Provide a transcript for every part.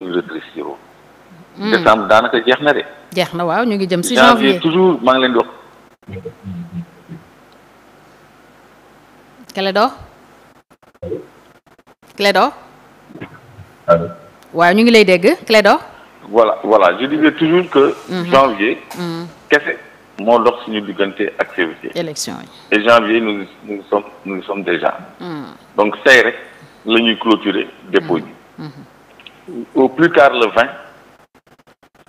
ñu redressé si boobu. décembre daanaka jeex na de. jeex na waaw ñu ngi jëm si janvier toujours maa ngi leen di wax. Clédor Clédor. allo. ñu ngi lay dégg Clédor. voilà voilà je disais toujours que. Hmm. janvier. Hmm. kese moo dox suñu diggante ak février. élection yi et janvier nous nous sommes nous sommes déjà. Hmm. donc tey rek la ñuy clôturer au plus tard le 20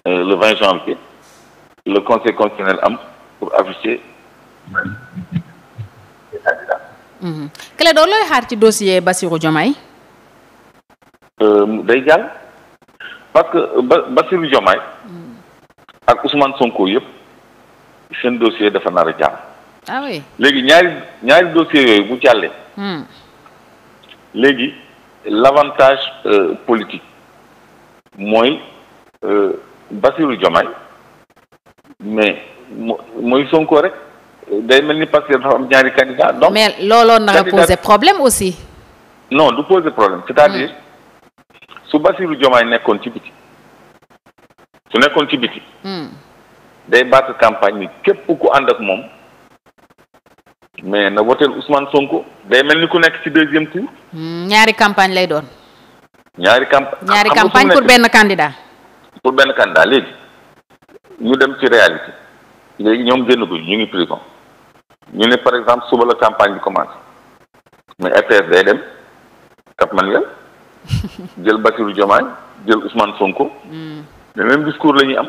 euh, le 20 janvier le conseil constitutionnel am pour afficher mhm. Clédor looy xaar ci dossier Bassirou Diomaye euh, day jàll parce que euh, Bassirou Diomaye mhm. ak Ousmane Sonko yëpp seen dossier dafa nar a jàll ah oui léegi ñaari ñaari dossier yooyu bu jàllee mhm. léegi l'avantage euh, mooy euh, Bassirou Diomaye mais mooy Sonko rek day mel ni parce que dafa am ñaari candidat donc mais looloo nar a poser problème aussi. non du poser problème c'est-à-dire hmm. su Bassirou Diomaye nekkoon ci biti su nekkoon ci biti. Hmm. day battre campagne bi képp ku ànd ak moom mais na woteel Ousmane Sonko day mel ni ku nekk ci deuxième tour. Hmm, ñaari campagne lay doon. ñaari camp ñaari campagne pour benn candidat. pour benn candidat léegi ñu dem ci réalité léegi ñoom génn guñ ñu ngi prison ñu ne par exemple suba la campagne bi commencé mais RTS day dem Cap Manuel jël Bassirou Diomaye jël Ousmane Sonko. le mm. même discours la ñuy am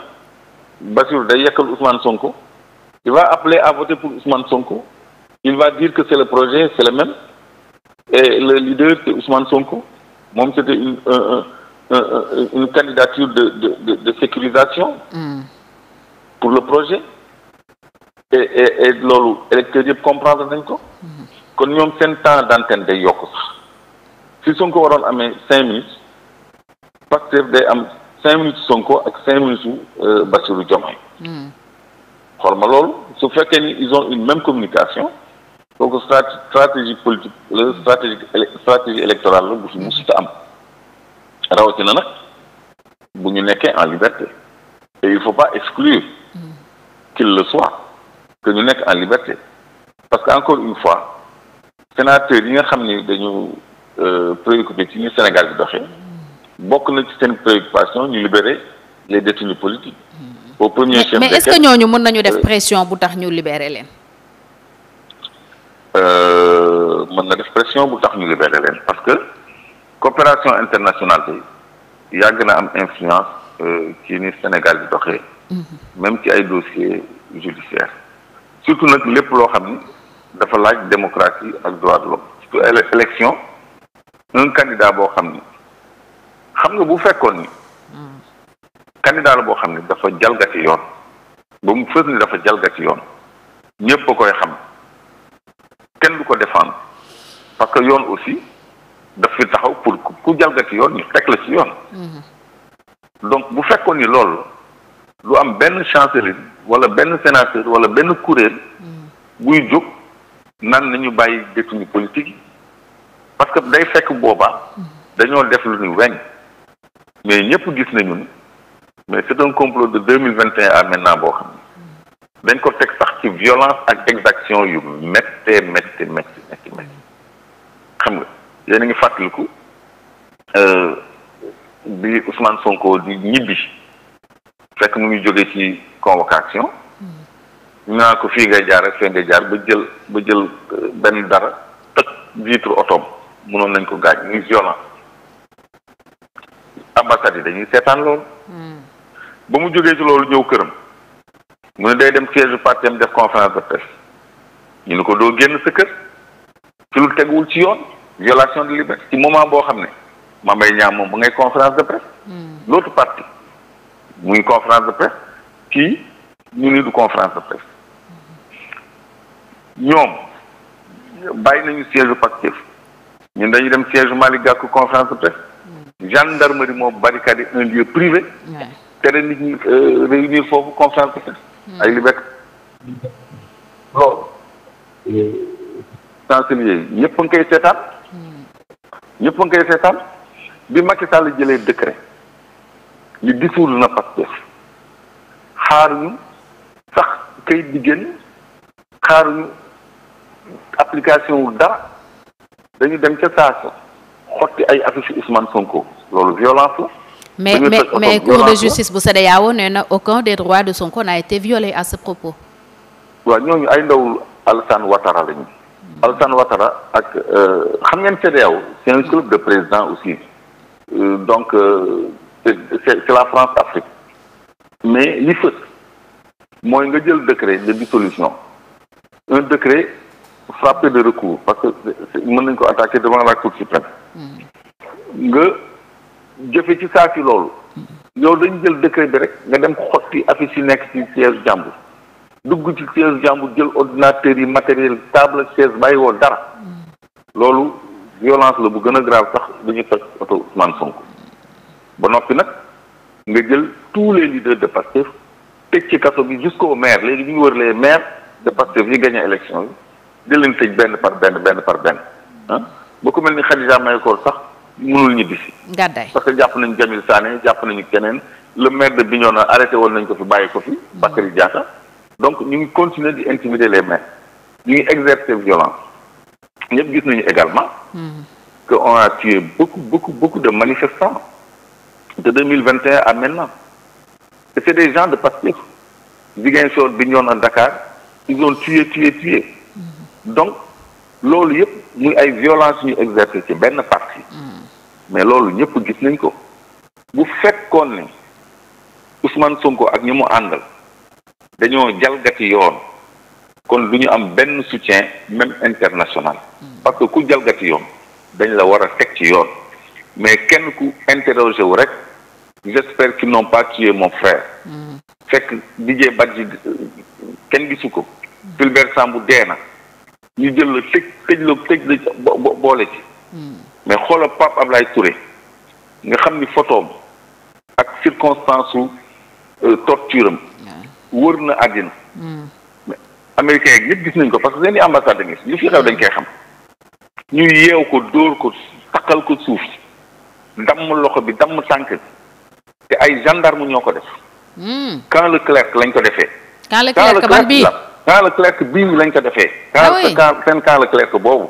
Bassirou day yekkal Ousmane Sonko il va appeler à voter pour Ousmane Sonko il va dire que c'est le projet c'est le même le leader c'est Ousmane Sonko. moom c'était euh, euh, euh, une candidature de de de, sécurisation. Hmm. pour le projet. et et et loolu électeurs yëpp comprendre nañ ko. Hmm. kon ñoom seen temps d'antenne day yokk sax si Sonko waroon amee cinq minutes Pastef day am cinq minutes Sonko ak cinq minutes su Bassirou Diomaye. Hmm. xool ma loolu su fekkee ni ils ont une même communication. kooku stratégie politique la stratégie stratégie électorale la bu fi musuta am rawatina nag bu ñu nekkee en liberté et il faut pas exclure qu'il le soit que ñu nekk en liberté parce que encore une fois sénateur yi nga xam ni dañu euh, préoccupé ci ni Sénégal bi doxee bokk na ci seen préoccupation ñu libérer les détenus politique au premier chef mais est-ce que ñooñu mën nañu def euh, pression bu tax ñu libérer leen Euh, mën na def bu tax ñu libéré leen parce que coopération internationale bi yàgg na am influence euh, ci ni Sénégal bi doxee. Mm-hmm. même ci ay dossiers judiciaires surtout nag lépp loo xam ni dafa laaj démocratie ak droit de l'homme surtout élection un candidat boo xam ni xam nga bu fekkoon ni. Mm. candidat la boo xam ni dafa jalgati yoon ba mu fës ni dafa jalgati yoon ñëpp a koy xam. parce que yoon aussi daf fi taxaw pour ku jalgati yoon ñu teg la ci yoon. Mm-hmm. donc bu fekkoon ni loolu lu am benn chancellerie wala benn sénateur wala benn kuréel. Mm-hmm. buy jóg nan nañu bàyyi détenu politique yi parce que day fekk boobaa. Mm-hmm. dañoo def lu ñu weñ mais ñëpp gis nañu ni mais c'est un complot de deux mille vingt et un à maintenant boo xam ne dañ ko teg sax ci violence ak exaction yu méttee méttee méttee. xam nga yéen a ngi fàttaliku euh, bi Ousmane Sonko di ñibbi fekk mu ngi jóge ci convocation hmm. ñu naa ko fii ngay jaar ak fee ngay jaar ba jël ba jël euh, benn dara toj vitre otoom mënoon nañ ko gaañ muy ambassade yi dañuy seetaan loolu hmm. ba mu jógee ci loolu ñëw këram mu ne day dem siège parti def conférence de presse ñu ne ko doo génn sa kër ci lu teguwul ci yoon violation de liberté ci moment boo xam ne ma Mbaye Niang moom ba ngay conférence de presse hmm. l'autre partie muy conférence de presse kii ñu ni du conférence de presse hmm. ñoom bàyyi nañu siège Pastef ñun dañuy dem siège mali Gakou conférence de presse hmm. gendarmerie moo barricadé un lieu privé tere nit ñi euh, réunir foofu conférence de presse ay liberté loolu sensibiliser ñëpp a ngi koy seetaan ñëpp a ngi seetaan bi Macky Sall jëlee décret ñu dissoudre na Pastef xaaruñu sax kayit di génn xaaruñu application wu dara dañu dem ca saako xotti ay affiche Ousmane Sonko loolu violence la. mais mais mais cour de justice bu CEDEAO nee na aucun des droits de Sonko n'a été violé à ce propos. waaw ñooñu ay ndaw Alassane Ouattara lañu. Alassane Ouattara ak euh, xam ngeen CEDEAO c'est un club de président aussi euh, donc euh, c'est c'est la France Afrique mais li fës mooy nga jël décret de dissolution un décret frappé de recours parce que mën nañ ko attaquer devant la Cour suprême nga jëfe ci saa si loolu hmm. yow dañu jël décret bi rek nga dem xotti affiche yi nekk ci siège jàmbur dugg ci siège jàmbur jël ordinateur yi matériel table chaise bàyyi woo dara loolu violence la bu gën a grave sax bu ñu toj oto Ousmane Sonko ba noppi nag nga jël tous les leaders de Pastef tëj ci kaso bi jusqu'au maire léegi ñu ngi wër lee maires de Pastef yi gagné élection yi di leen tëj benn par benn benn par benn boo ah ba ku mel ni Khadija Mahécor sax mënul ñibbi si gàddaay parce que jàpp nañu Jamil Sané jàpp nañu keneen le maire de Bignona arrêté woon nañ ko fi bàyyi ko fi Bakary Diatta donc ñu ngi continuer di intimider les maires ñu ngi exercer violence ñëpp gis nañu également. Hmm. que on a tué beaucoup beaucoup beaucoup de manifestants de deux mille vingt et un à maintenant et des gens de Pastef Ziguinchor bi ñoon a Dakar ils ont tué tué tué hmm. donc loolu yëpp muy ay violence ñu exercer ci benn parti hmm. mais loolu ñëpp gis nañ ko bu fekkoon ne Ousmane Sonko ak ñi mu àndal. dañoo jalgati yoon kon lu ñu am benn soutien même international hmm. parce que ku jalgati yoon dañ la war a teg ci yoon mais kenn ku interroger wu rek j'espère qu'ils n'ont pas tué mon frère hmm. fekk Didier Badji kenn gisu ko Fulbert hmm. Sambou dee na ñu jël la tëj tëj la boole ci mais xoola Pape Ablaye Touré nga xam ni photoom ak circonstance su euh, torture am wër na àddina. mais hmm. yëpp gis nañ ko parce que seen i ambassade ngi li fi xew dañ koy xam. ñu yeew ko dóor ko takkal ko suuf damm loxo bi damm tànk te ay gendarme ñoo ko def. quand hmm. le lañ ko defee. quand le clerc ban bii quand lañ ko defee. ah oui quand seen boobu.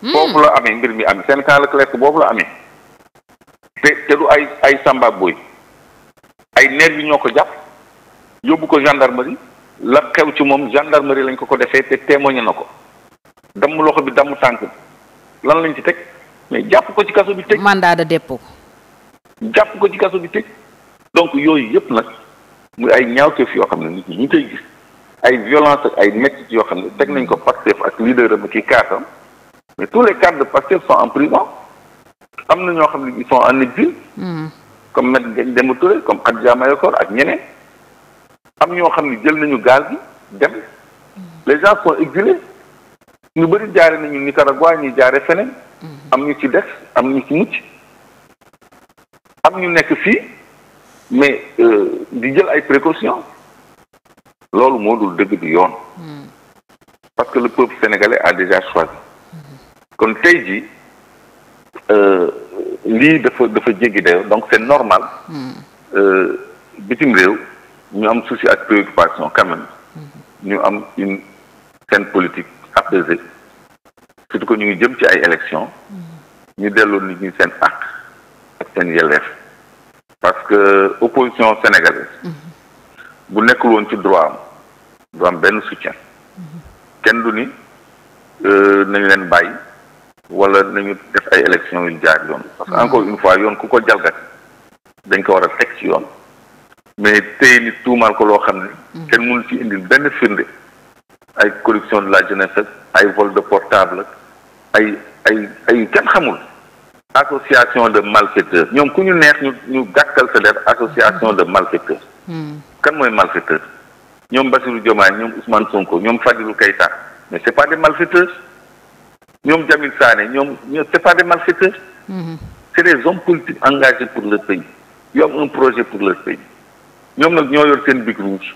Hmm. foofu la amee mbir mi amee seen quand le boobu la amee. te te du ay ay samba boy ay nerf yi ñoo ko jàpp. yóbbu ko gendarmerie la xew ci moom gendarmerie lañ ko ko defee te témoigné na ko damm loxo bi damm tànk bi lan lañ ci teg mais jàpp ko ci kaso bi tëj. mandat de dépôt. jàpp ko ci kaso bi tëj donc yooyu yëpp nag mu ay ñaawteef yoo xam ne nit ñi ñu gis ay violence ay méthodes yoo xam ne teg nañ ko Pastef ak leader am ci kaasam mais tous les cadres de Pastef sont en prison am na ñoo xam ne ils sont en exil. Hmm. comme Maître Demba Touré comme Adja am ñoo xam ne jël nañu gaal gi dem les gens sont exilés ñu bëri jaare nañu Nicaragua ñuy jaare feneen am ñu ci def am ñu ci mucc am ñu nekk fii mais euh, di jël ay précautions loolu moo dul dëgg di yoon parce que le peuple sénégalais a déjà choisi kon tey jii euh, lii dafa dafa jéggi dayo donc c'est normal mm. euh, bitim réew ñu am souci ak préoccupation quand même mm-hmm. ñu am une scène politique apaisée surtout que ñu ngi jëm ci ay élections mm-hmm. ñu delloo nit ñu seen àq ak seen yelleef parce que opposition sénégalaise mm-hmm. bu nekkul woon ci droit am du am benn soutien kenn du ni euh, nañu leen bàyyi wala nañu def ay élections yu jaar yoon parce que encore une fois yoon ku ko jalgati dañ ko war a teg ci yoon mais tey nit tuumaal ko loo xam ne. kenn mënu ci indil benn firnde. ay corruption de la jeunesse ay vol de portable ay ay ay kenn xamul. association de malfaiteurs ñoom ku ñu neex ñu ñu gàkkal sa der association de malfaiteurs. kan mooy malfaiteur ñoom Bassirou Diomaye ñoom Ousmane Sonko ñoom Fadilou Keïta mais c'est pas des malfaiteurs ñoom Jamil Sané ñoom ñoom c'est pas des malfaiteurs. Mm-hmm. c'est des hommes politiques engagés pour le pays ils ont un projet pour le ñoom nag ñoo yor seen bic rouge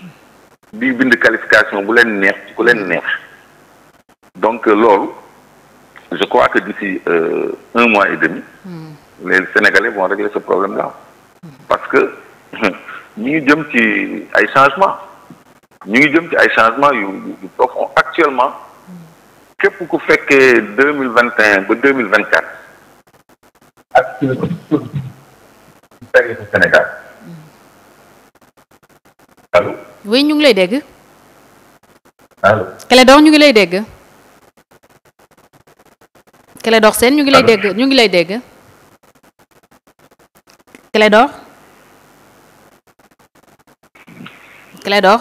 di bind qualification bu leen neex ci ku leen neex donc loolu je crois que d'ici euh, un mois et demi mm. les Sénégalais vont régler ce problème là parce que ñu ngi jëm ci ay changement ñu ngi jëm ci ay changement yu yu profond actuellement képp ku fekkee deux mille vingt et un ba deux mille vingt quatre ak Sénégal oui ñu ngi lay dégg. allo ñu ngi lay dégg. Clédor seen ñu ngi lay dégg ñu ngi lay dégg. Clédor. Clédor.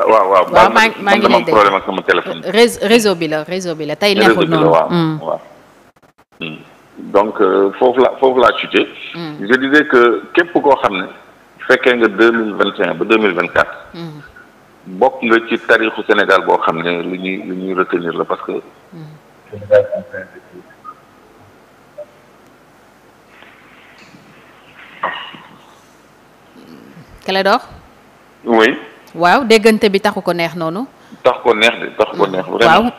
Ah, waaw waaw waaw maa maa ngi lay dégg problème ak réseau bi la réseau bi la tey neexul noonu waaw hmm. Hmm. donc euh, foofu la foofu laa chuté. Hmm. je disais que képp koo xam ne. fekkee nga deux mille vingt et ba mille vingt bokk nga ci tarixu Sénégal boo xam ne lu ñuy lu ñuy retenir la parce que. Sénégal Clédor waaw déggante bi taxu ko neex noonu. tax ko neex de tax ko neex. vraiment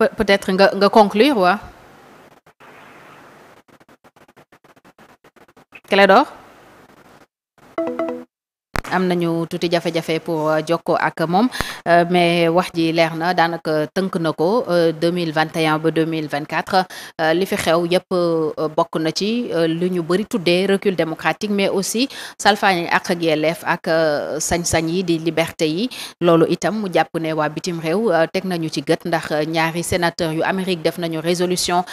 waaw peut-être nga nga conclure waaw. Clédor am nañu tuuti jafe-jafe pour euh, jokkoo ak moom euh, mais wax ji leer na daanaka tënk na ko 2021 euh, ba 2024 li fi xew yëpp bokk na ci lu ñu bëri tuddee recul démocratique mais aussi salfaañ ak ak yelleef sañ-sañ yi di liberté yi loolu itam mu jàpp ne waa bitim réew teg nañu ci gët ndax ñaari sénateur yu Amérique def nañu résolution